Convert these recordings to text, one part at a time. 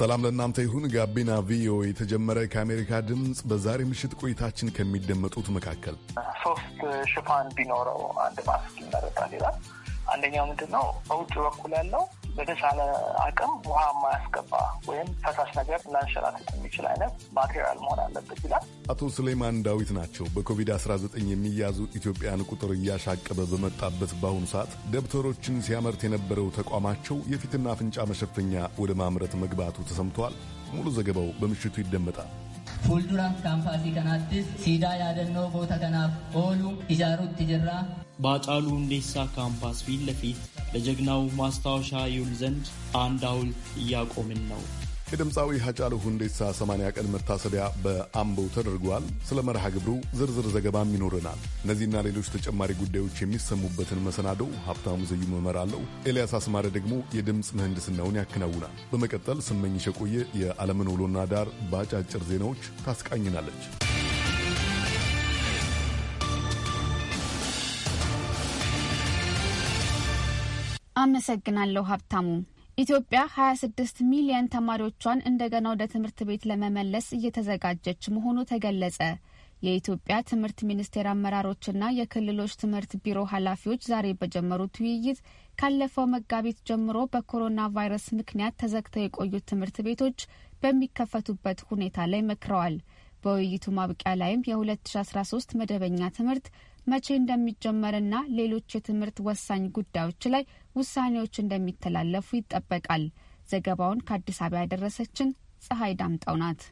ሰላም ለእናንተ ይሁን። ጋቢና ቪኦኤ የተጀመረ ከአሜሪካ ድምፅ በዛሬ ምሽት ቆይታችን ከሚደመጡት መካከል ሶስት ሽፋን ቢኖረው አንድ ማስክ ይመረጣል ይላል። አንደኛው ምንድን ነው? በውጭ በኩል ያለው በተሻለ አቅም ውሃ የማያስገባ ወይም ፈሳሽ ነገር ላንሸራት የሚችል አይነት ማቴሪያል መሆን አለበት ይላል። አቶ ሱሌማን ዳዊት ናቸው። በኮቪድ-19 የሚያዙ ኢትዮጵያን ቁጥር እያሻቀበ በመጣበት በአሁኑ ሰዓት ደብተሮችን ሲያመርት የነበረው ተቋማቸው የፊትና አፍንጫ መሸፈኛ ወደ ማምረት መግባቱ ተሰምተዋል። ሙሉ ዘገባው በምሽቱ ይደመጣል። ፉልዱራን ካምፓሲ ከናትስ ሲዳ ያደኖ ቦታ ከናፍ ኦሉ ኢጃሩት ጅራ ባጫሉ እንዴሳ ካምፓስ ፊት ለፊት ለጀግናው ማስታወሻ ይውል ዘንድ አንድ ሐውልት እያቆምን ነው። የድምፃዊ ሀጫሉ ሁንዴሳ 80 ቀን መታሰቢያ በአምቦ ተደርጓል። ስለ መርሃ ግብሩ ዝርዝር ዘገባም ይኖረናል። እነዚህና ሌሎች ተጨማሪ ጉዳዮች የሚሰሙበትን መሰናዶው ሀብታሙ ዘዩ መመራለሁ። ኤልያስ አስማረ ደግሞ የድምፅ ምህንድስናውን ያከናውናል። በመቀጠል ስመኝሽ የቆየ የዓለምን ውሎና ዳር በአጫጭር ዜናዎች ታስቃኝናለች። አመሰግናለሁ ሀብታሙ። ኢትዮጵያ 26 ሚሊየን ተማሪዎቿን እንደገና ወደ ትምህርት ቤት ለመመለስ እየተዘጋጀች መሆኑ ተገለጸ። የኢትዮጵያ ትምህርት ሚኒስቴር አመራሮችና የክልሎች ትምህርት ቢሮ ኃላፊዎች ዛሬ በጀመሩት ውይይት ካለፈው መጋቢት ጀምሮ በኮሮና ቫይረስ ምክንያት ተዘግተው የቆዩት ትምህርት ቤቶች በሚከፈቱበት ሁኔታ ላይ መክረዋል። በውይይቱ ማብቂያ ላይም የ2013 መደበኛ ትምህርት መቼ እንደሚጀመርና ሌሎች የትምህርት ወሳኝ ጉዳዮች ላይ ውሳኔዎች እንደሚተላለፉ ይጠበቃል። ዘገባውን ከአዲስ አበባ ያደረሰችን ፀሐይ ዳምጠው ናት።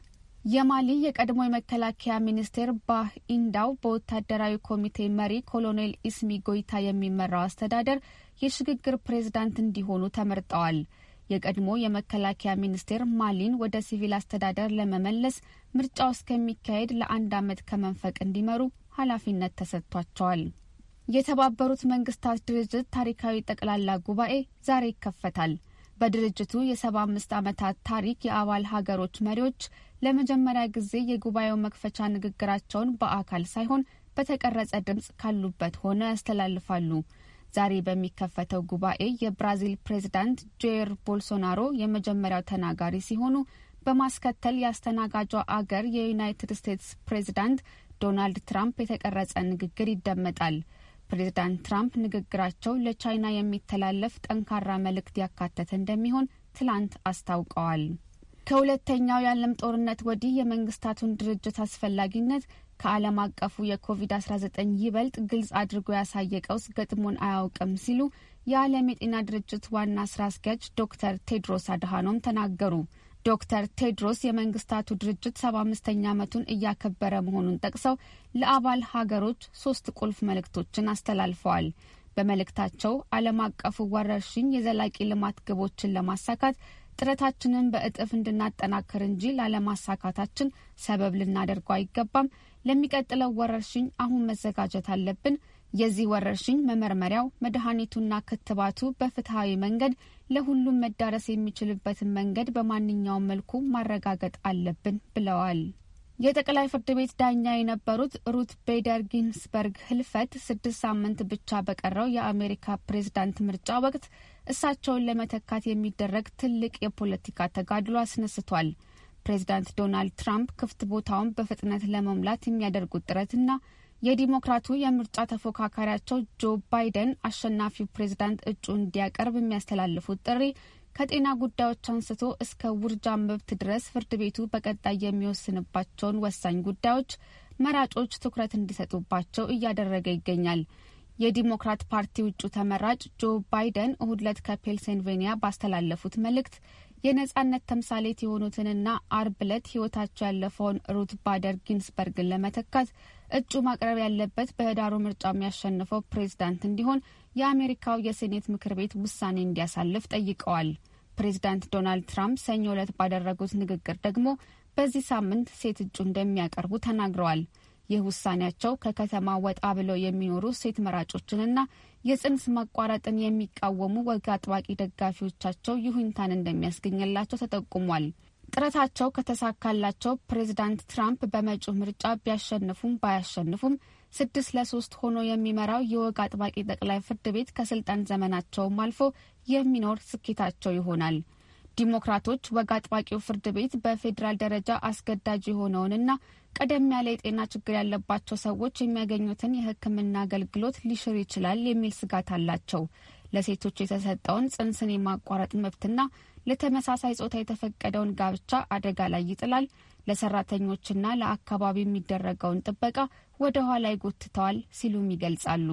የማሊ የቀድሞ የመከላከያ ሚኒስቴር ባህ ኢንዳው በወታደራዊ ኮሚቴ መሪ ኮሎኔል ኢስሚ ጎይታ የሚመራው አስተዳደር የሽግግር ፕሬዝዳንት እንዲሆኑ ተመርጠዋል። የቀድሞ የመከላከያ ሚኒስቴር ማሊን ወደ ሲቪል አስተዳደር ለመመለስ ምርጫው እስከሚካሄድ ለአንድ ዓመት ከመንፈቅ እንዲመሩ ኃላፊነት ተሰጥቷቸዋል። የተባበሩት መንግስታት ድርጅት ታሪካዊ ጠቅላላ ጉባኤ ዛሬ ይከፈታል። በድርጅቱ የሰባ አምስት ዓመታት ታሪክ የአባል ሀገሮች መሪዎች ለመጀመሪያ ጊዜ የጉባኤው መክፈቻ ንግግራቸውን በአካል ሳይሆን በተቀረጸ ድምፅ ካሉበት ሆነው ያስተላልፋሉ። ዛሬ በሚከፈተው ጉባኤ የብራዚል ፕሬዝዳንት ጄር ቦልሶናሮ የመጀመሪያው ተናጋሪ ሲሆኑ በማስከተል የአስተናጋጇ አገር የዩናይትድ ስቴትስ ፕሬዝዳንት ዶናልድ ትራምፕ የተቀረጸ ንግግር ይደመጣል። ፕሬዝዳንት ትራምፕ ንግግራቸው ለቻይና የሚተላለፍ ጠንካራ መልእክት ያካተተ እንደሚሆን ትላንት አስታውቀዋል። ከሁለተኛው የዓለም ጦርነት ወዲህ የመንግስታቱን ድርጅት አስፈላጊነት ከዓለም አቀፉ የኮቪድ-19 ይበልጥ ግልጽ አድርጎ ያሳየ ቀውስ ገጥሞን አያውቅም ሲሉ የዓለም የጤና ድርጅት ዋና ስራ አስኪያጅ ዶክተር ቴድሮስ አድሃኖም ተናገሩ። ዶክተር ቴድሮስ የመንግስታቱ ድርጅት ሰባ አምስተኛ ዓመቱን እያከበረ መሆኑን ጠቅሰው ለአባል ሀገሮች ሶስት ቁልፍ መልእክቶችን አስተላልፈዋል። በመልእክታቸው ዓለም አቀፉ ወረርሽኝ የዘላቂ ልማት ግቦችን ለማሳካት ጥረታችንን በእጥፍ እንድናጠናክር እንጂ ላለማሳካታችን ሰበብ ልናደርገው አይገባም። ለሚቀጥለው ወረርሽኝ አሁን መዘጋጀት አለብን። የዚህ ወረርሽኝ መመርመሪያው መድኃኒቱና ክትባቱ በፍትሐዊ መንገድ ለሁሉም መዳረስ የሚችልበትን መንገድ በማንኛውም መልኩ ማረጋገጥ አለብን ብለዋል። የጠቅላይ ፍርድ ቤት ዳኛ የነበሩት ሩት ቤደር ጊንስበርግ ህልፈት ስድስት ሳምንት ብቻ በቀረው የአሜሪካ ፕሬዝዳንት ምርጫ ወቅት እሳቸውን ለመተካት የሚደረግ ትልቅ የፖለቲካ ተጋድሎ አስነስቷል። ፕሬዝዳንት ዶናልድ ትራምፕ ክፍት ቦታውን በፍጥነት ለመሙላት የሚያደርጉት ጥረትና የዲሞክራቱ የምርጫ ተፎካካሪያቸው ጆ ባይደን አሸናፊው ፕሬዝዳንት እጩ እንዲያቀርብ የሚያስተላልፉት ጥሪ ከጤና ጉዳዮች አንስቶ እስከ ውርጃ መብት ድረስ ፍርድ ቤቱ በቀጣይ የሚወስንባቸውን ወሳኝ ጉዳዮች መራጮች ትኩረት እንዲሰጡባቸው እያደረገ ይገኛል። የዲሞክራት ፓርቲ ውጩ ተመራጭ ጆ ባይደን እሁድ ዕለት ከፔንሲልቬኒያ ባስተላለፉት መልእክት የነጻነት ተምሳሌት የሆኑትንና አርብ ዕለት ህይወታቸው ያለፈውን ሩት ባደር ጊንስበርግን ለመተካት እጩ ማቅረብ ያለበት በህዳሩ ምርጫ የሚያሸንፈው ፕሬዝዳንት እንዲሆን የአሜሪካው የሴኔት ምክር ቤት ውሳኔ እንዲያሳልፍ ጠይቀዋል። ፕሬዝዳንት ዶናልድ ትራምፕ ሰኞ ዕለት ባደረጉት ንግግር ደግሞ በዚህ ሳምንት ሴት እጩ እንደሚያቀርቡ ተናግረዋል። ይህ ውሳኔያቸው ከከተማ ወጣ ብለው የሚኖሩ ሴት መራጮችንና የጽንስ ማቋረጥን የሚቃወሙ ወግ አጥባቂ ደጋፊዎቻቸው ይሁንታን እንደሚያስገኝላቸው ተጠቁሟል። ጥረታቸው ከተሳካላቸው ፕሬዚዳንት ትራምፕ በመጪው ምርጫ ቢያሸንፉም ባያሸንፉም ስድስት ለሶስት ሆኖ የሚመራው የወግ አጥባቂ ጠቅላይ ፍርድ ቤት ከስልጣን ዘመናቸውም አልፎ የሚኖር ስኬታቸው ይሆናል። ዲሞክራቶች ወግ አጥባቂው ፍርድ ቤት በፌዴራል ደረጃ አስገዳጅ የሆነውንና ቀደም ያለ የጤና ችግር ያለባቸው ሰዎች የሚያገኙትን የሕክምና አገልግሎት ሊሽር ይችላል የሚል ስጋት አላቸው። ለሴቶች የተሰጠውን ጽንስን የማቋረጥ መብትና ለተመሳሳይ ጾታ የተፈቀደውን ጋብቻ አደጋ ላይ ይጥላል፣ ለሰራተኞችና ለአካባቢ የሚደረገውን ጥበቃ ወደ ኋላ ይጎትተዋል ሲሉም ይገልጻሉ።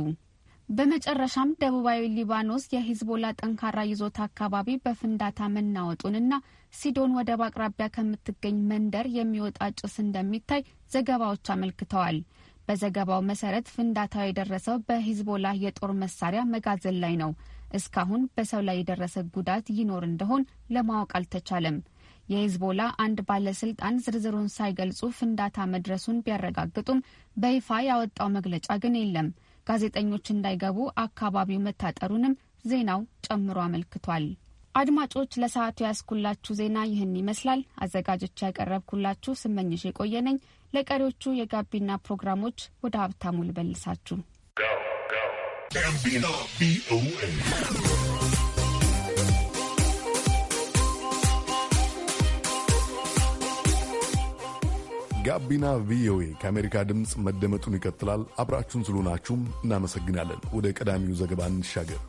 በመጨረሻም ደቡባዊ ሊባኖስ የሂዝቦላ ጠንካራ ይዞታ አካባቢ በፍንዳታ መናወጡንና ሲዶን ወደብ አቅራቢያ ከምትገኝ መንደር የሚወጣ ጭስ እንደሚታይ ዘገባዎች አመልክተዋል። በዘገባው መሰረት ፍንዳታው የደረሰው በሂዝቦላ የጦር መሳሪያ መጋዘን ላይ ነው። እስካሁን በሰው ላይ የደረሰ ጉዳት ይኖር እንደሆን ለማወቅ አልተቻለም። የሂዝቦላ አንድ ባለስልጣን ዝርዝሩን ሳይገልጹ ፍንዳታ መድረሱን ቢያረጋግጡም በይፋ ያወጣው መግለጫ ግን የለም። ጋዜጠኞች እንዳይገቡ አካባቢው መታጠሩንም ዜናው ጨምሮ አመልክቷል። አድማጮች ለሰዓቱ ያስኩላችሁ ዜና ይህን ይመስላል። አዘጋጆች ያቀረብኩላችሁ ስመኝሽ የቆየ ነኝ። ለቀሪዎቹ የጋቢና ፕሮግራሞች ወደ ሀብታሙ ልበልሳችሁ። ጋቢና ቪኦኤ ከአሜሪካ ድምፅ መደመጡን ይቀጥላል። አብራችሁን ስለሆናችሁም እናመሰግናለን። ወደ ቀዳሚው ዘገባ እንሻገር።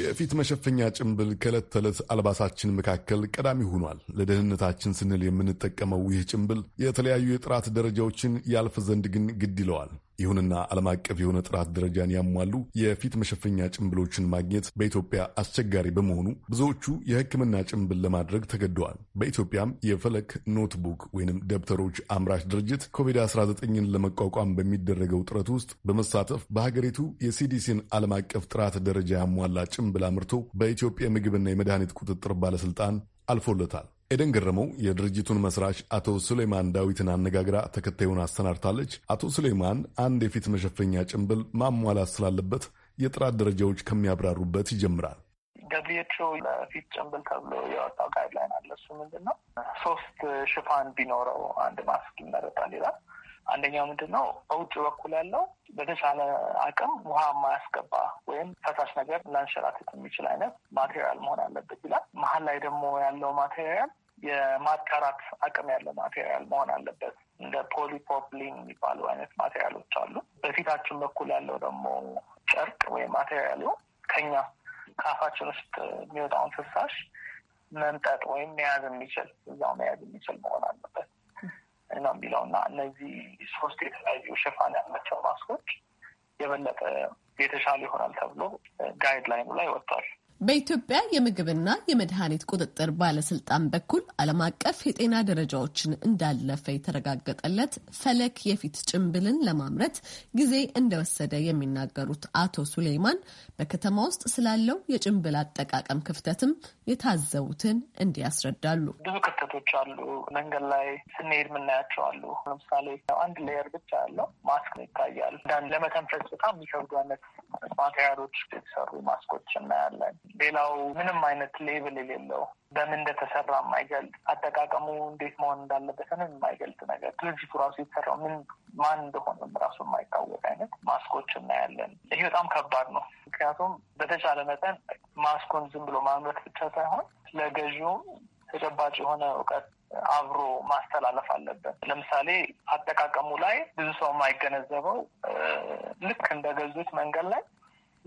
የፊት መሸፈኛ ጭንብል ከዕለት ተዕለት አልባሳችን መካከል ቀዳሚ ሆኗል። ለደህንነታችን ስንል የምንጠቀመው ይህ ጭንብል የተለያዩ የጥራት ደረጃዎችን ያልፍ ዘንድ ግን ግድ ይለዋል። ይሁንና ዓለም አቀፍ የሆነ ጥራት ደረጃን ያሟሉ የፊት መሸፈኛ ጭንብሎችን ማግኘት በኢትዮጵያ አስቸጋሪ በመሆኑ ብዙዎቹ የሕክምና ጭንብል ለማድረግ ተገደዋል። በኢትዮጵያም የፈለክ ኖትቡክ ወይንም ደብተሮች አምራች ድርጅት ኮቪድ-19ን ለመቋቋም በሚደረገው ጥረት ውስጥ በመሳተፍ በሀገሪቱ የሲዲሲን ዓለም አቀፍ ጥራት ደረጃ ያሟላ ጭንብል አምርቶ በኢትዮጵያ ምግብና የመድኃኒት ቁጥጥር ባለስልጣን አልፎለታል። ኤደን ገረመው የድርጅቱን መስራች አቶ ሱሌማን ዳዊትን አነጋግራ ተከታዩን አሰናድታለች። አቶ ሱሌማን አንድ የፊት መሸፈኛ ጭንብል ማሟላት ስላለበት የጥራት ደረጃዎች ከሚያብራሩበት ይጀምራል። ደብሊውኤችኦ ለፊት ጭንብል ተብሎ የወጣው ጋይድላይን አለ። እሱ ምንድን ነው? ሶስት ሽፋን ቢኖረው አንድ ማስክ ይመረጣል ይላል። አንደኛው ምንድን ነው በውጭ በኩል ያለው በተሻለ አቅም ውሃ የማያስገባ ወይም ፈሳሽ ነገር ላንሸራትት የሚችል አይነት ማቴሪያል መሆን አለበት ይላል። መሀል ላይ ደግሞ ያለው ማቴሪያል የማጣራት አቅም ያለው ማቴሪያል መሆን አለበት። እንደ ፖሊፖፕሊን የሚባሉ አይነት ማቴሪያሎች አሉ። በፊታችን በኩል ያለው ደግሞ ጨርቅ ወይም ማቴሪያሉ ከኛ ከአፋችን ውስጥ የሚወጣውን ፍሳሽ መምጠጥ ወይም መያዝ የሚችል እዛው መያዝ የሚችል መሆን አለበት። ነው የሚለው እና እነዚህ ሶስት የተለያዩ ሽፋን ያላቸው ማስኮች የበለጠ የተሻለ ይሆናል ተብሎ ጋይድላይኑ ላይ ወጥቷል። በኢትዮጵያ የምግብና የመድኃኒት ቁጥጥር ባለስልጣን በኩል ዓለም አቀፍ የጤና ደረጃዎችን እንዳለፈ የተረጋገጠለት ፈለክ የፊት ጭንብልን ለማምረት ጊዜ እንደወሰደ የሚናገሩት አቶ ሱሌይማን በከተማ ውስጥ ስላለው የጭንብል አጠቃቀም ክፍተትም የታዘቡትን እንዲያስረዳሉ። ብዙ ክፍተቶች አሉ። መንገድ ላይ ስንሄድ የምናያቸው አሉ። ለምሳሌ አንድ ሌየር ብቻ ያለው ማስክ ይታያል። ለመተንፈስ በጣም የሚከብዱ አይነት ማቴሪያሎች የተሰሩ ማስኮች እናያለን። ሌላው ምንም አይነት ሌብል የሌለው በምን እንደተሰራ የማይገልጥ አጠቃቀሙ እንዴት መሆን እንዳለበትን የማይገልጥ ነገር ድርጅቱ ራሱ የተሰራው ምን ማን እንደሆነም ራሱ የማይታወቅ አይነት ማስኮች እናያለን። ይሄ በጣም ከባድ ነው። ምክንያቱም በተቻለ መጠን ማስኮን ዝም ብሎ ማምረት ብቻ ሳይሆን ለገዢውም ተጨባጭ የሆነ እውቀት አብሮ ማስተላለፍ አለበት። ለምሳሌ አጠቃቀሙ ላይ ብዙ ሰው የማይገነዘበው ልክ እንደገዙት መንገድ ላይ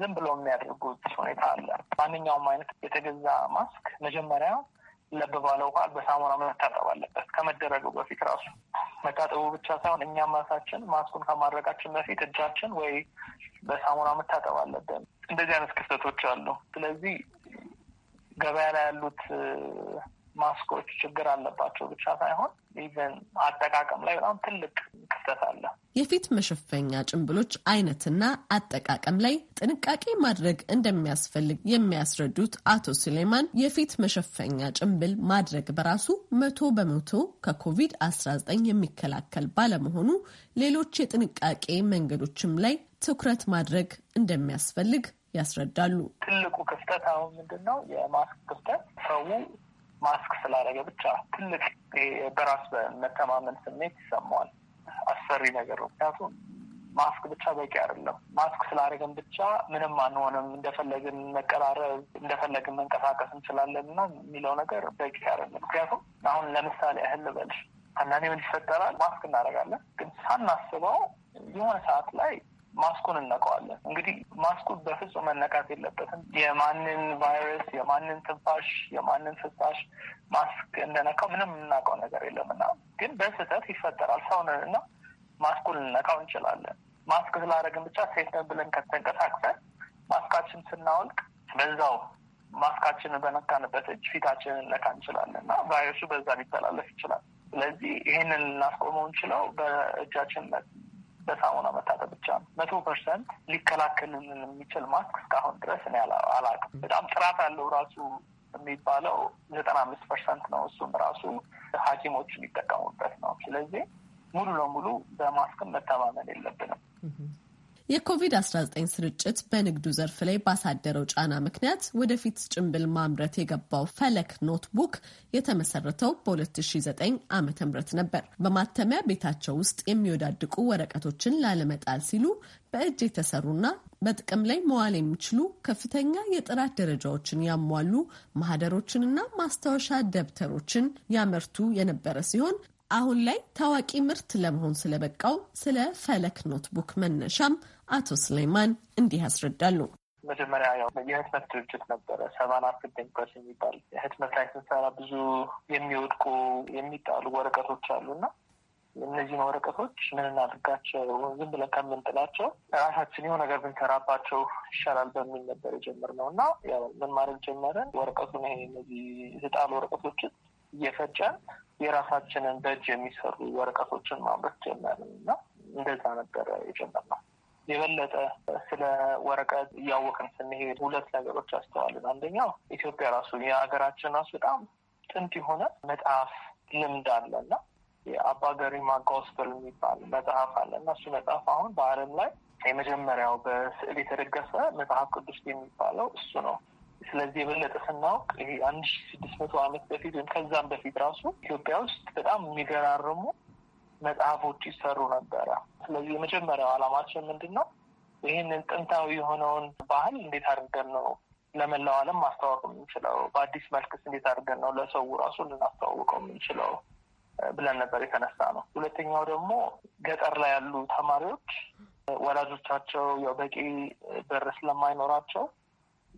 ዝም ብሎ የሚያደርጉት ሁኔታ አለ። ማንኛውም አይነት የተገዛ ማስክ መጀመሪያ ለብ ባለ ውሃ በሳሙና መታጠብ አለበት። ከመደረጉ በፊት ራሱ መታጠቡ ብቻ ሳይሆን እኛም ራሳችን ማስኩን ከማድረጋችን በፊት እጃችን ወይ በሳሙና መታጠብ አለብን። እንደዚህ አይነት ክፍተቶች አሉ። ስለዚህ ገበያ ላይ ያሉት ማስኮች ችግር አለባቸው ብቻ ሳይሆን ኢቨን አጠቃቀም ላይ በጣም ትልቅ ክፍተት አለ። የፊት መሸፈኛ ጭንብሎች አይነትና አጠቃቀም ላይ ጥንቃቄ ማድረግ እንደሚያስፈልግ የሚያስረዱት አቶ ሱሌማን የፊት መሸፈኛ ጭንብል ማድረግ በራሱ መቶ በመቶ ከኮቪድ-19 የሚከላከል ባለመሆኑ ሌሎች የጥንቃቄ መንገዶችም ላይ ትኩረት ማድረግ እንደሚያስፈልግ ያስረዳሉ። ትልቁ ክፍተት አሁን ምንድን ነው? የማስክ ክፍተት ሰው ማስክ ስላደረገ ብቻ ትልቅ በራስ መተማመን ስሜት ይሰማዋል። አስፈሪ ነገር ነው። ምክንያቱም ማስክ ብቻ በቂ አይደለም። ማስክ ስላደረግን ብቻ ምንም አንሆንም፣ እንደፈለግን መቀራረብ፣ እንደፈለግን መንቀሳቀስ እንችላለን እና የሚለው ነገር በቂ አይደለም። ምክንያቱም አሁን ለምሳሌ ያህል ልበልሽ አንዳንዴ ምን ይፈጠራል? ማስክ እናደርጋለን፣ ግን ሳናስበው የሆነ ሰዓት ላይ ማስኩን እነቀዋለን። እንግዲህ ማስኩ በፍጹም መነካት የለበትም። የማንን ቫይረስ፣ የማንን ትንፋሽ፣ የማንን ፍሳሽ ማስክ እንደነካው ምንም የምናውቀው ነገር የለም እና ግን በስህተት ይፈጠራል። ሰውንን እና ማስኩን ልነካው እንችላለን። ማስክ ስላደረግን ብቻ ሴት ነን ብለን ከተንቀሳቅሰን ማስካችን ስናወልቅ በዛው ማስካችንን በነካንበት እጅ ፊታችንን ልነካ እንችላለን እና ቫይረሱ በዛ ሊተላለፍ ይችላል። ስለዚህ ይህንን ልናስቆመው እንችለው በእጃችን በሳሙና መታጠብ ብቻ ነው። መቶ ፐርሰንት ሊከላከልልን የሚችል ማስክ እስካሁን ድረስ እኔ አላውቅም። በጣም ጥራት ያለው ራሱ የሚባለው ዘጠና አምስት ፐርሰንት ነው። እሱም ራሱ ሐኪሞቹ የሚጠቀሙበት ነው። ስለዚህ ሙሉ ለሙሉ በማስክም መተማመን የለብንም። የኮቪድ-19 ስርጭት በንግዱ ዘርፍ ላይ ባሳደረው ጫና ምክንያት ወደፊት ጭንብል ማምረት የገባው ፈለክ ኖትቡክ የተመሰረተው በ2009 ዓ.ም ነበር። በማተሚያ ቤታቸው ውስጥ የሚወዳድቁ ወረቀቶችን ላለመጣል ሲሉ በእጅ የተሰሩና በጥቅም ላይ መዋል የሚችሉ ከፍተኛ የጥራት ደረጃዎችን ያሟሉ ማህደሮችንና ማስታወሻ ደብተሮችን ያመርቱ የነበረ ሲሆን አሁን ላይ ታዋቂ ምርት ለመሆን ስለበቃው ስለ ፈለክ ኖትቡክ መነሻም አቶ ስሌማን እንዲህ ያስረዳሉ። መጀመሪያ ያው የህትመት ድርጅት ነበረ። ሰባና አፍደኝ ፐርስ የሚባል ህትመት ላይ ስንሰራ ብዙ የሚወድቁ የሚጣሉ ወረቀቶች አሉ እና እነዚህን ወረቀቶች ምን እናድርጋቸው? ዝም ብለን ከምንጥላቸው ራሳችን የሆነ ነገር ብንሰራባቸው ይሻላል በሚል ነበር የጀመርነው እና ምን ማድረግ ጀመረን፣ ወረቀቱን ይሄ እነዚህ የተጣሉ ወረቀቶችን እየፈጨ የራሳችንን በእጅ የሚሰሩ ወረቀቶችን ማምረት ጀመርን እና እንደዛ ነበረ የጀመርነው። የበለጠ ስለ ወረቀት እያወቅን ስንሄድ ሁለት ነገሮች አስተዋልን። አንደኛው ኢትዮጵያ ራሱ የሀገራችን ራሱ በጣም ጥንት የሆነ መጽሐፍ ልምድ አለ እና የአባ ገሪማ ጎስፐል የሚባል መጽሐፍ አለ እና እሱ መጽሐፍ አሁን በዓለም ላይ የመጀመሪያው በስዕል የተደገፈ መጽሐፍ ቅዱስ የሚባለው እሱ ነው። ስለዚህ የበለጠ ስናውቅ ይሄ አንድ ሺ ስድስት መቶ ዓመት በፊት ወይም ከዛም በፊት ራሱ ኢትዮጵያ ውስጥ በጣም የሚገራርሙ መጽሐፎች ይሰሩ ነበረ። ስለዚህ የመጀመሪያው ዓላማችን ምንድን ነው? ይህንን ጥንታዊ የሆነውን ባህል እንዴት አድርገን ነው ለመላው ዓለም ማስተዋወቅ የምንችለው? በአዲስ መልክስ እንዴት አድርገን ነው ለሰው ራሱ ልናስተዋውቀው የምንችለው ብለን ነበር የተነሳ ነው። ሁለተኛው ደግሞ ገጠር ላይ ያሉ ተማሪዎች ወላጆቻቸው ያው በቂ ብር ስለማይኖራቸው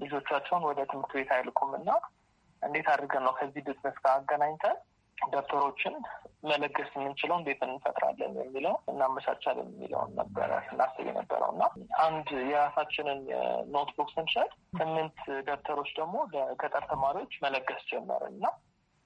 ልጆቻቸውን ወደ ትምህርት ቤት አይልኩም እና እንዴት አድርገን ነው ከዚህ ቢዝነስ ጋር አገናኝተን ደብተሮችን መለገስ የምንችለው እንዴት እንፈጥራለን የሚለው እናመቻቻለን የሚለውን ነበረ ስናስብ የነበረው እና አንድ የራሳችንን ኖትቡክ ስንሸጥ ስምንት ደብተሮች ደግሞ ለገጠር ተማሪዎች መለገስ ጀመርን እና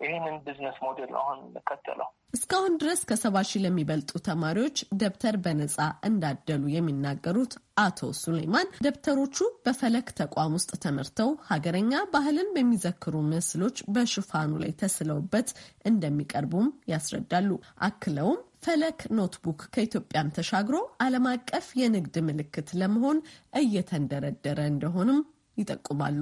ይህንን ቢዝነስ ሞዴል ነው አሁን የምንከተለው። እስካሁን ድረስ ከሰባ ሺህ ለሚበልጡ ተማሪዎች ደብተር በነጻ እንዳደሉ የሚናገሩት አቶ ሱሌማን ደብተሮቹ በፈለክ ተቋም ውስጥ ተመርተው ሀገረኛ ባህልን በሚዘክሩ ምስሎች በሽፋኑ ላይ ተስለውበት እንደሚቀርቡም ያስረዳሉ። አክለውም ፈለክ ኖትቡክ ከኢትዮጵያም ተሻግሮ ዓለም አቀፍ የንግድ ምልክት ለመሆን እየተንደረደረ እንደሆንም ይጠቁማሉ።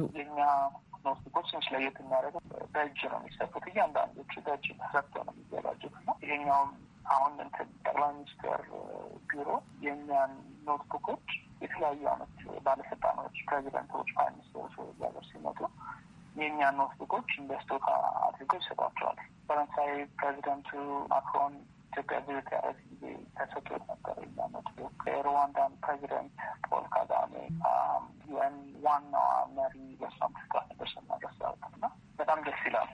ኖትቡኮች ትንሽ ለየት የሚያደርገው በእጅ ነው የሚሰጡት። እያንዳንዶቹ በእጅ ተሰፍተው ነው የሚዘጋጁት እና ይሄኛውም አሁን እንትን ጠቅላይ ሚኒስትር ቢሮ የእኛን ኖትቡኮች የተለያዩ አይነት ባለስልጣኖች፣ ፕሬዚደንቶች፣ ፕራይም ሚኒስትሮች ወደዚህ ሀገር ሲመጡ የእኛን ኖትቡኮች እንደ ስጦታ አድርገው ይሰጧቸዋል። ፈረንሳይ ፕሬዚደንቱ ማክሮን ኢትዮጵያ ዲሞክራሲ ተሰጦ ነበር ለመት የሩዋንዳን ፕሬዚደንት ፖል ካጋሜ ዩኤን ዋናዋ መሪ በሷ ምክክር ነበር ስናገሳት እና በጣም ደስ ይላል።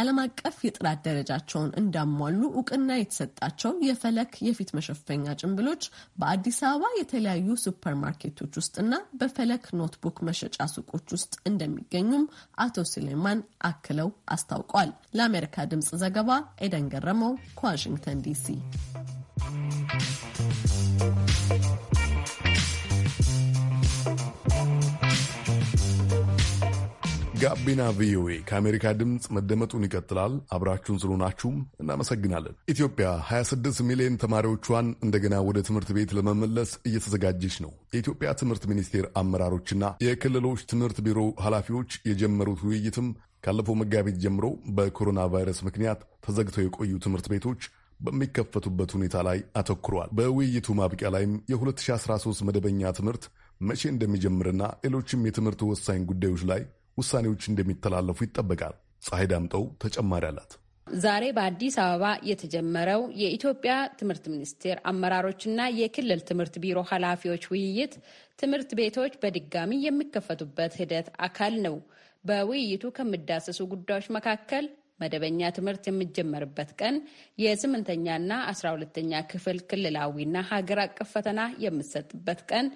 ዓለም አቀፍ የጥራት ደረጃቸውን እንዳሟሉ እውቅና የተሰጣቸው የፈለክ የፊት መሸፈኛ ጭንብሎች በአዲስ አበባ የተለያዩ ሱፐርማርኬቶች ውስጥና በፈለክ ኖትቡክ መሸጫ ሱቆች ውስጥ እንደሚገኙም አቶ ስሌማን አክለው አስታውቋል። ለአሜሪካ ድምጽ ዘገባ ኤደን ገረመው ከዋሽንግተን ዲሲ ጋቢና ቪኦኤ ከአሜሪካ ድምፅ መደመጡን ይቀጥላል። አብራችሁን ስለሆናችሁም እናመሰግናለን። ኢትዮጵያ 26 ሚሊዮን ተማሪዎቿን እንደገና ወደ ትምህርት ቤት ለመመለስ እየተዘጋጀች ነው። የኢትዮጵያ ትምህርት ሚኒስቴር አመራሮችና የክልሎች ትምህርት ቢሮ ኃላፊዎች የጀመሩት ውይይትም ካለፈው መጋቢት ጀምሮ በኮሮና ቫይረስ ምክንያት ተዘግተው የቆዩ ትምህርት ቤቶች በሚከፈቱበት ሁኔታ ላይ አተኩረዋል። በውይይቱ ማብቂያ ላይም የ2013 መደበኛ ትምህርት መቼ እንደሚጀምርና ሌሎችም የትምህርት ወሳኝ ጉዳዮች ላይ ውሳኔዎች እንደሚተላለፉ ይጠበቃል። ፀሐይ ዳምጠው ተጨማሪ አላት። ዛሬ በአዲስ አበባ የተጀመረው የኢትዮጵያ ትምህርት ሚኒስቴር አመራሮችና የክልል ትምህርት ቢሮ ኃላፊዎች ውይይት ትምህርት ቤቶች በድጋሚ የሚከፈቱበት ሂደት አካል ነው። በውይይቱ ከሚዳሰሱ ጉዳዮች መካከል መደበኛ ትምህርት የሚጀመርበት ቀን፣ የስምንተኛና አስራ ሁለተኛ ክፍል ክልላዊና ሀገር አቀፍ ፈተና የምትሰጥበት ቀን፣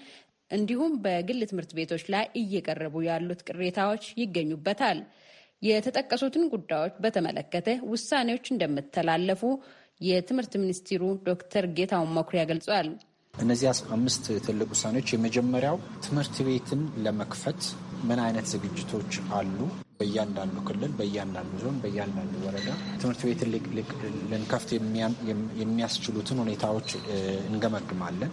እንዲሁም በግል ትምህርት ቤቶች ላይ እየቀረቡ ያሉት ቅሬታዎች ይገኙበታል። የተጠቀሱትን ጉዳዮች በተመለከተ ውሳኔዎች እንደሚተላለፉ የትምህርት ሚኒስትሩ ዶክተር ጌታሁን መኩሪያ ገልጿል። እነዚህ አምስት ትልቅ ውሳኔዎች የመጀመሪያው ትምህርት ቤትን ለመክፈት ምን አይነት ዝግጅቶች አሉ? በእያንዳንዱ ክልል በእያንዳንዱ ዞን በእያንዳንዱ ወረዳ ትምህርት ቤትን ልንከፍት የሚያስችሉትን ሁኔታዎች እንገመግማለን።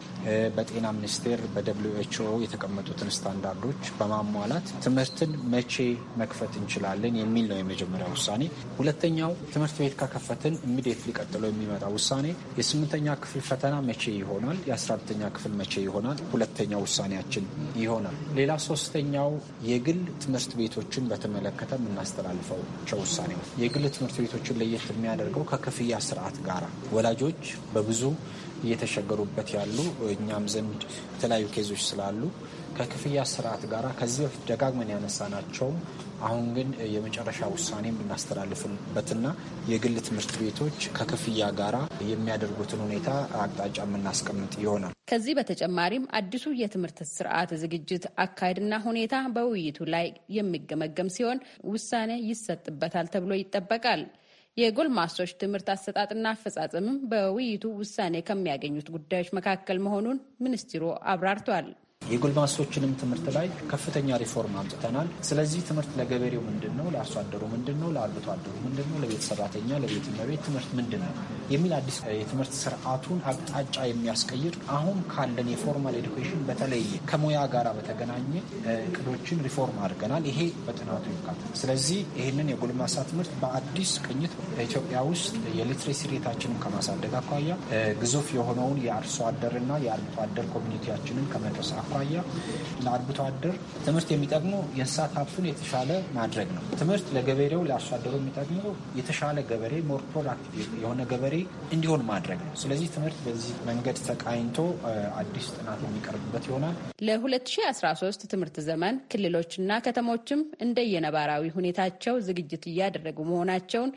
በጤና ሚኒስቴር በደብሊው ኤች ኦ የተቀመጡትን ስታንዳርዶች በማሟላት ትምህርትን መቼ መክፈት እንችላለን የሚል ነው የመጀመሪያ ውሳኔ። ሁለተኛው ትምህርት ቤት ከከፈትን ኢሚዲየት ሊቀጥለው የሚመጣ ውሳኔ የስምንተኛ ክፍል ፈተና መቼ ይሆናል፣ የአስራ ሁለተኛ ክፍል መቼ ይሆናል፣ ሁለተኛው ውሳኔያችን ይሆናል። ሌላ ሶስተኛው የግል ትምህርት ቤቶችን በተመለ በተመለከተ የምናስተላልፋቸው ውሳኔ ነው። የግል ትምህርት ቤቶችን ለየት የሚያደርገው ከክፍያ ስርዓት ጋር ወላጆች በብዙ እየተሸገሩበት ያሉ እኛም ዘንድ የተለያዩ ኬዞች ስላሉ ከክፍያ ስርዓት ጋር ከዚህ በፊት ደጋግመን ያነሳ ናቸው አሁን ግን የመጨረሻ ውሳኔ የምናስተላልፍበትና የግል ትምህርት ቤቶች ከክፍያ ጋር የሚያደርጉትን ሁኔታ አቅጣጫ የምናስቀምጥ ይሆናል። ከዚህ በተጨማሪም አዲሱ የትምህርት ስርዓት ዝግጅት አካሄድና ሁኔታ በውይይቱ ላይ የሚገመገም ሲሆን ውሳኔ ይሰጥበታል ተብሎ ይጠበቃል። የጎልማሶች ትምህርት አሰጣጥና አፈጻጸምም በውይይቱ ውሳኔ ከሚያገኙት ጉዳዮች መካከል መሆኑን ሚኒስትሩ አብራርቷል። የጎልማሶችንም ትምህርት ላይ ከፍተኛ ሪፎርም አምጥተናል። ስለዚህ ትምህርት ለገበሬው ምንድን ነው፣ ለአርሶ አደሩ ምንድን ነው፣ ለአርብቶ አደሩ ምንድን ነው፣ ለቤት ሰራተኛ፣ ለቤት እመቤት ትምህርት ምንድን ነው የሚል አዲስ የትምህርት ስርዓቱን አቅጣጫ የሚያስቀይር አሁን ካለን የፎርማል ኤዱኬሽን በተለየ ከሙያ ጋር በተገናኘ እቅዶችን ሪፎርም አድርገናል። ይሄ በጥናቱ ይካል። ስለዚህ ይህንን የጎልማሳ ትምህርት በአዲስ ቅኝት በኢትዮጵያ ውስጥ የሊትሬሲ ሬታችንን ከማሳደግ አኳያ ግዙፍ የሆነውን የአርሶ አደርና የአርብቶ አደር ኮሚኒቲያችንን ከመድረስ አኳያ አኳያ ለአርብቶ አደር ትምህርት የሚጠቅሙ የእንስሳት ሀብቱን የተሻለ ማድረግ ነው። ትምህርት ለገበሬው ለአርሶ አደሩ የሚጠቅሙ የተሻለ ገበሬ ሞር ፕሮዳክቲቭ የሆነ ገበሬ እንዲሆን ማድረግ ነው። ስለዚህ ትምህርት በዚህ መንገድ ተቃኝቶ አዲስ ጥናት የሚቀርብበት ይሆናል። ለ2013 ትምህርት ዘመን ክልሎችና ከተሞችም እንደየነባራዊ ሁኔታቸው ዝግጅት እያደረጉ መሆናቸውን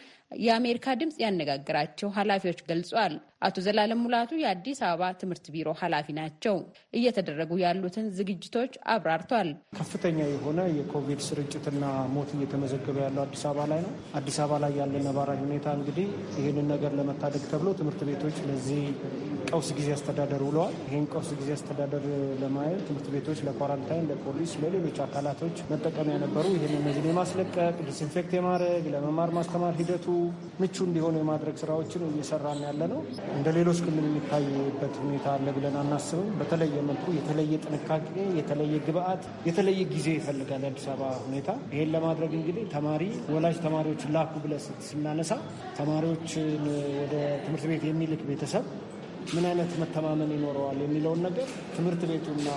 የአሜሪካ ድምፅ ያነጋግራቸው ኃላፊዎች ገልጿል። አቶ ዘላለም ሙላቱ የአዲስ አበባ ትምህርት ቢሮ ኃላፊ ናቸው። እየተደረጉ ያሉትን ዝግጅቶች አብራርቷል። ከፍተኛ የሆነ የኮቪድ ስርጭትና ሞት እየተመዘገበ ያለው አዲስ አበባ ላይ ነው። አዲስ አበባ ላይ ያለ ነባራዊ ሁኔታ እንግዲህ ይህንን ነገር ለመታደግ ተብሎ ትምህርት ቤቶች ለዚህ ቀውስ ጊዜ አስተዳደር ውለዋል። ይህን ቀውስ ጊዜ አስተዳደር ለማየት ትምህርት ቤቶች ለኳራንታይን፣ ለፖሊስ፣ ለሌሎች አካላቶች መጠቀሚያ ነበሩ። ይህን እነዚህን የማስለቀቅ ዲስኢንፌክት የማድረግ ለመማር ማስተማር ሂደቱ ምቹ እንዲሆኑ የማድረግ ስራዎችን እየሰራን ያለ ነው። እንደ ሌሎች ክልል የሚታይበት ሁኔታ አለ ብለን አናስብም። በተለየ መልኩ የተለየ ጥንቃቄ፣ የተለየ ግብአት፣ የተለየ ጊዜ ይፈልጋል የአዲስ አበባ ሁኔታ። ይህን ለማድረግ እንግዲህ ተማሪ ወላጅ ተማሪዎችን ላኩ ብለን ስናነሳ ተማሪዎችን ወደ ትምህርት ቤት የሚልክ ቤተሰብ ምን አይነት መተማመን ይኖረዋል የሚለውን ነገር ትምህርት ቤቱና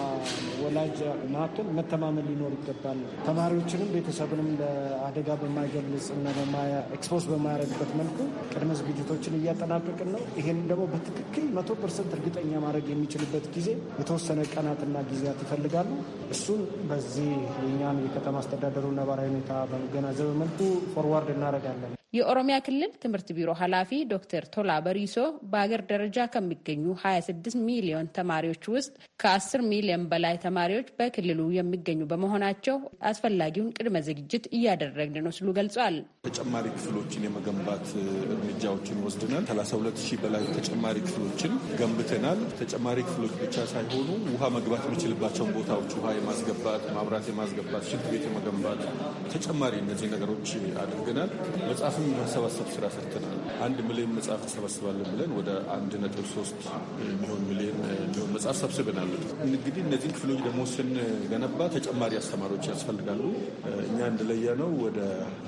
ወላጅ መካከል መተማመን ሊኖር ይገባል። ተማሪዎችንም ቤተሰብንም ለአደጋ በማይገልጽ እና ኤክስፖዝ በማያደርግበት መልኩ ቅድመ ዝግጅቶችን እያጠናቀቅን ነው። ይህን ደግሞ በትክክል መቶ ፐርሰንት እርግጠኛ ማድረግ የሚችልበት ጊዜ የተወሰነ ቀናትና ጊዜያት ይፈልጋሉ። እሱን በዚህ የኛን የከተማ አስተዳደሩ ነባራዊ ሁኔታ በመገናዘብ መልኩ ፎርዋርድ እናደርጋለን። የኦሮሚያ ክልል ትምህርት ቢሮ ኃላፊ ዶክተር ቶላ በሪሶ በሀገር ደረጃ ከሚ ከሚገኙ 26 ሚሊዮን ተማሪዎች ውስጥ ከ10 ሚሊዮን በላይ ተማሪዎች በክልሉ የሚገኙ በመሆናቸው አስፈላጊውን ቅድመ ዝግጅት እያደረግን ነው ሲሉ ገልጿል። ተጨማሪ ክፍሎችን የመገንባት እርምጃዎችን ወስድናል። 32 ሺህ በላይ ተጨማሪ ክፍሎችን ገንብተናል። ተጨማሪ ክፍሎች ብቻ ሳይሆኑ ውሃ መግባት የሚችልባቸውን ቦታዎች ውሃ የማስገባት ማብራት የማስገባት ሽንት ቤት የመገንባት ተጨማሪ እነዚህ ነገሮች አድርገናል። መጽሐፍም የማሰባሰብ ስራ ሰርተናል። አንድ ሚሊዮን መጽሐፍ ተሰበስባለን ብለን ወደ አንድ ነጥብ ሶስት የሚሆን ሚሊዮን የሚሆን መጽሐፍ ሰብስበናል። እንግዲህ እነዚህን ክፍሎች ደግሞ ስንገነባ ተጨማሪ አስተማሪዎች ያስፈልጋሉ። እኛ እንደለየ ነው ወደ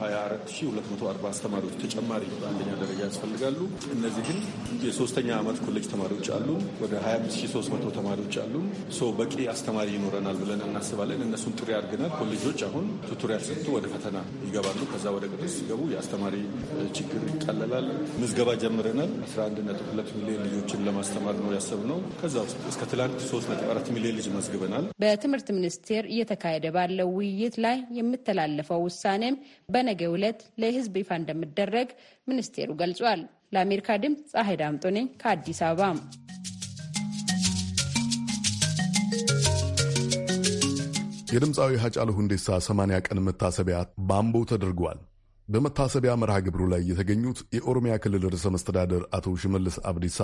24240 አስተማሪዎች ተጨማሪ በአንደኛ ደረጃ ያስፈልጋሉ። እነዚህን የሶስተኛ ዓመት ኮሌጅ ተማሪዎች አሉ፣ ወደ 25300 ተማሪዎች አሉ። በቂ አስተማሪ ይኖረናል ብለን እናስባለን። እነሱን ጥሪ አድርገናል። ኮሌጆች አሁን ቱቶሪያል ሰጥቶ ወደ ፈተና ይገባሉ። ከዛ ወደ ቅጥር ሲገቡ የአስተማሪ ችግር እንጠለላለን። ምዝገባ ጀምረናል። 11.2 ሚሊዮን ልጆችን ለማስተማር ነው ያሰብነው። ከዛ ውስጥ እስከ ትላንት 3.4 ሚሊዮን ልጅ መዝግበናል። በትምህርት ሚኒስቴር እየተካሄደ ባለው ውይይት ላይ የምተላለፈው ውሳኔም በነገ ዕለት ለህዝብ ይፋ እንደሚደረግ ሚኒስቴሩ ገልጿል። ለአሜሪካ ድምፅ ፀሐይ ዳምጦ ነኝ ከአዲስ አበባ። የድምፃዊ ሀጫሉ ሁንዴሳ 80 ቀን መታሰቢያ በአምቦ ተደርጓል። በመታሰቢያ መርሃ ግብሩ ላይ የተገኙት የኦሮሚያ ክልል ርዕሰ መስተዳደር አቶ ሽመልስ አብዲሳ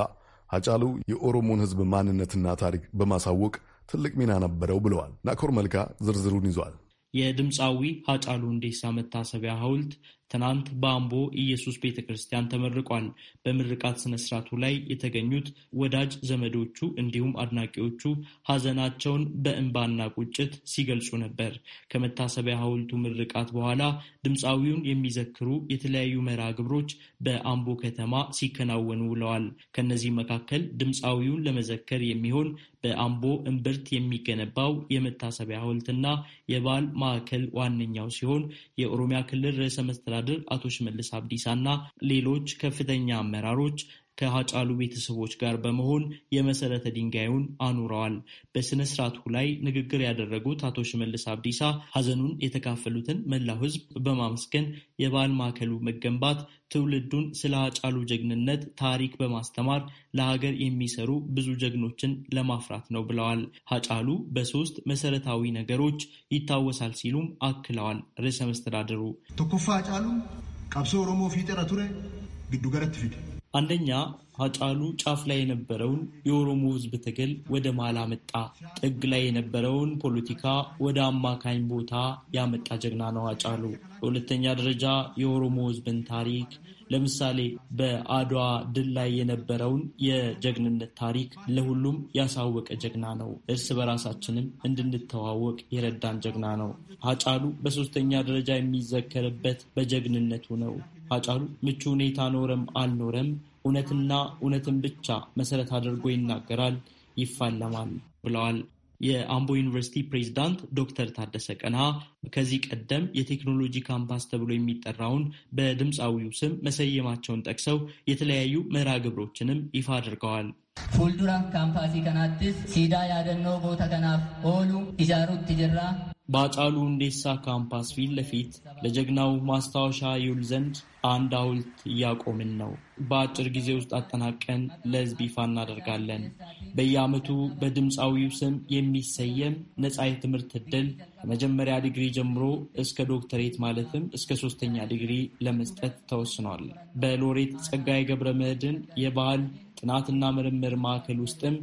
ሀጫሉ የኦሮሞን ሕዝብ ማንነትና ታሪክ በማሳወቅ ትልቅ ሚና ነበረው ብለዋል። ናኮር መልካ ዝርዝሩን ይዟል። የድምፃዊ ሀጫሉ ሁንዴሳ መታሰቢያ ሐውልት ትናንት በአምቦ ኢየሱስ ቤተ ክርስቲያን ተመርቋል። በምርቃት ስነ ስርዓቱ ላይ የተገኙት ወዳጅ ዘመዶቹ እንዲሁም አድናቂዎቹ ሀዘናቸውን በእንባና ቁጭት ሲገልጹ ነበር። ከመታሰቢያ ሐውልቱ ምርቃት በኋላ ድምፃዊውን የሚዘክሩ የተለያዩ መርሃ ግብሮች በአምቦ ከተማ ሲከናወኑ ውለዋል። ከእነዚህ መካከል ድምፃዊውን ለመዘከር የሚሆን በአምቦ እምብርት የሚገነባው የመታሰቢያ ሐውልትና የባህል ማዕከል ዋነኛው ሲሆን የኦሮሚያ ክልል ርዕሰ መስተዳድር አስተዳደር አቶ ሽመልስ አብዲሳና ሌሎች ከፍተኛ አመራሮች ከሀጫሉ ቤተሰቦች ጋር በመሆን የመሰረተ ድንጋዩን አኑረዋል። በስነ ስርዓቱ ላይ ንግግር ያደረጉት አቶ ሽመልስ አብዲሳ ሀዘኑን የተካፈሉትን መላው ህዝብ በማመስገን የባህል ማዕከሉ መገንባት ትውልዱን ስለ ሀጫሉ ጀግንነት ታሪክ በማስተማር ለሀገር የሚሰሩ ብዙ ጀግኖችን ለማፍራት ነው ብለዋል። ሀጫሉ በሶስት መሰረታዊ ነገሮች ይታወሳል ሲሉም አክለዋል። ርዕሰ መስተዳድሩ ቶኮፋ ሀጫሉ ቀብሶ ኦሮሞ ፊ ጨረ ቱሬ ፊድ አንደኛ ሀጫሉ ጫፍ ላይ የነበረውን የኦሮሞ ህዝብ ትግል ወደ መሃል አመጣ። ጥግ ላይ የነበረውን ፖለቲካ ወደ አማካኝ ቦታ ያመጣ ጀግና ነው ሀጫሉ። በሁለተኛ ደረጃ የኦሮሞ ህዝብን ታሪክ ለምሳሌ በአድዋ ድል ላይ የነበረውን የጀግንነት ታሪክ ለሁሉም ያሳወቀ ጀግና ነው። እርስ በራሳችንም እንድንተዋወቅ የረዳን ጀግና ነው። ሀጫሉ በሶስተኛ ደረጃ የሚዘከርበት በጀግንነቱ ነው። አጫሉ ምቹ ሁኔታ ኖረም አልኖረም እውነትና እውነትን ብቻ መሰረት አድርጎ ይናገራል፣ ይፋለማል ብለዋል። የአምቦ ዩኒቨርሲቲ ፕሬዚዳንት ዶክተር ታደሰ ቀና ከዚህ ቀደም የቴክኖሎጂ ካምፓስ ተብሎ የሚጠራውን በድምፃዊው ስም መሰየማቸውን ጠቅሰው የተለያዩ መርሃ ግብሮችንም ይፋ አድርገዋል። ፉልዱራ ካምፓሲ ከናትስ ሲዳ yaadannoo ቦታ ከናፍ ኦሉ ኢጃሩት jirra። በአጫሉ ሁንዴሳ ካምፓስ ፊት ለፊት ለጀግናው ማስታወሻ ይውል ዘንድ አንድ ሐውልት እያቆምን ነው። በአጭር ጊዜ ውስጥ አጠናቀን ለሕዝብ ይፋ እናደርጋለን። በየዓመቱ በድምፃዊው ስም የሚሰየም ነፃ የትምህርት ዕድል ከመጀመሪያ ዲግሪ ጀምሮ እስከ ዶክተሬት ማለትም እስከ ሶስተኛ ዲግሪ ለመስጠት ተወስኗል። በሎሬት ጸጋዬ ገብረ መድኅን የባህል ጥናትና ምርምር ማዕከል ውስጥም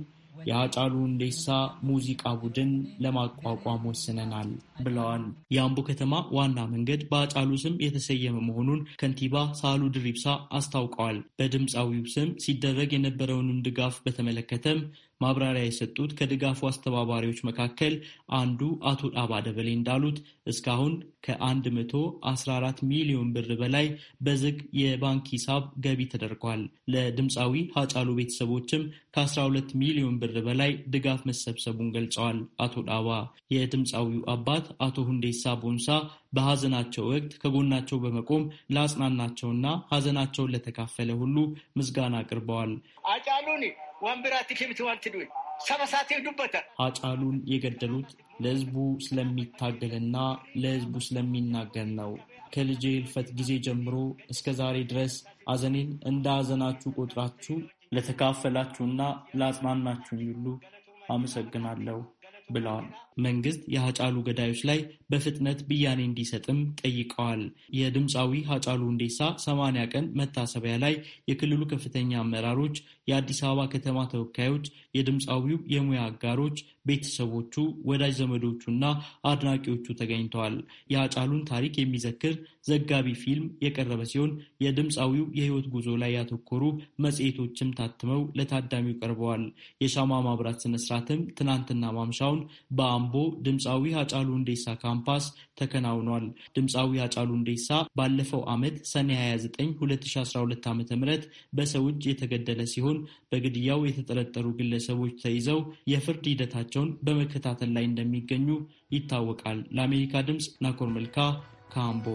የአጫሉ ሁንዴሳ ሙዚቃ ቡድን ለማቋቋም ወስነናል ብለዋል። የአምቦ ከተማ ዋና መንገድ በአጫሉ ስም የተሰየመ መሆኑን ከንቲባ ሳሉ ድሪብሳ አስታውቀዋል። በድምፃዊው ስም ሲደረግ የነበረውንም ድጋፍ በተመለከተም ማብራሪያ የሰጡት ከድጋፉ አስተባባሪዎች መካከል አንዱ አቶ ጣባ ደበሌ እንዳሉት እስካሁን ከ114 ሚሊዮን ብር በላይ በዝግ የባንክ ሂሳብ ገቢ ተደርጓል። ለድምፃዊ ሀጫሉ ቤተሰቦችም ከ12 ሚሊዮን ብር በላይ ድጋፍ መሰብሰቡን ገልጸዋል። አቶ ጣባ የድምፃዊው አባት አቶ ሁንዴሳ ቦንሳ በሀዘናቸው ወቅት ከጎናቸው በመቆም ለአጽናናቸውና ሀዘናቸውን ለተካፈለ ሁሉ ምስጋና አቅርበዋል። አጫሉኒ አጫሉን የገደሉት ለህዝቡ ስለሚታገልና ለህዝቡ ስለሚናገር ነው። ከልጄ ህልፈት ጊዜ ጀምሮ እስከ ዛሬ ድረስ አዘኔን እንደ አዘናችሁ ቆጥራችሁ ለተካፈላችሁና ለአጽናናችሁኝ ሁሉ አመሰግናለሁ። ብለዋል። መንግስት የሀጫሉ ገዳዮች ላይ በፍጥነት ብያኔ እንዲሰጥም ጠይቀዋል። የድምፃዊ ሀጫሉ ሁንዴሳ ሰማንያ ቀን መታሰቢያ ላይ የክልሉ ከፍተኛ አመራሮች፣ የአዲስ አበባ ከተማ ተወካዮች፣ የድምፃዊው የሙያ አጋሮች፣ ቤተሰቦቹ፣ ወዳጅ ዘመዶቹና አድናቂዎቹ ተገኝተዋል። የሀጫሉን ታሪክ የሚዘክር ዘጋቢ ፊልም የቀረበ ሲሆን የድምፃዊው የህይወት ጉዞ ላይ ያተኮሩ መጽሔቶችም ታትመው ለታዳሚው ቀርበዋል። የሻማ ማብራት ስነስርዓትም ትናንትና ማምሻው ማምሻውን በአምቦ ድምፃዊ ሃጫሉ ሁንዴሳ ካምፓስ ተከናውኗል። ድምፃዊ ሃጫሉ ሁንዴሳ ባለፈው ዓመት ሰኔ 29 2012 ዓ ም በሰው እጅ የተገደለ ሲሆን በግድያው የተጠረጠሩ ግለሰቦች ተይዘው የፍርድ ሂደታቸውን በመከታተል ላይ እንደሚገኙ ይታወቃል። ለአሜሪካ ድምፅ ናኮር መልካ ካምቦ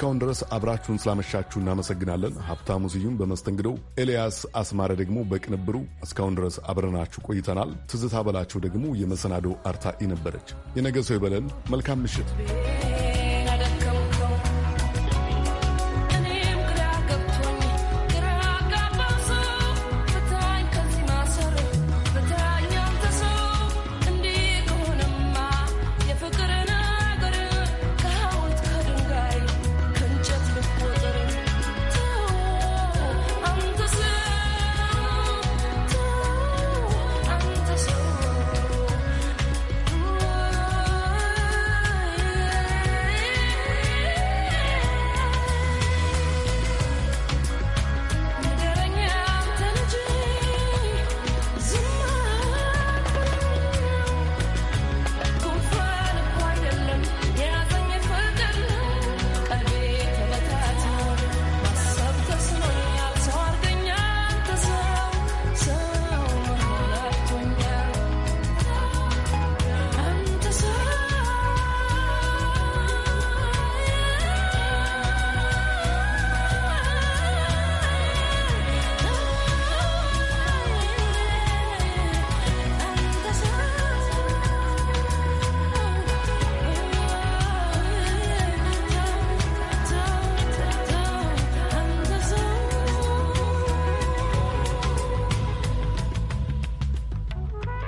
እስካሁን ድረስ አብራችሁን ስላመሻችሁ እናመሰግናለን። ሀብታሙ ስዩም በመስተንግደው፣ ኤልያስ አስማረ ደግሞ በቅንብሩ። እስካሁን ድረስ አብረናችሁ ቆይተናል። ትዝታ በላቸው ደግሞ የመሰናዶ አርታኢ ነበረች። የነገ ሰው ይበለን። መልካም ምሽት።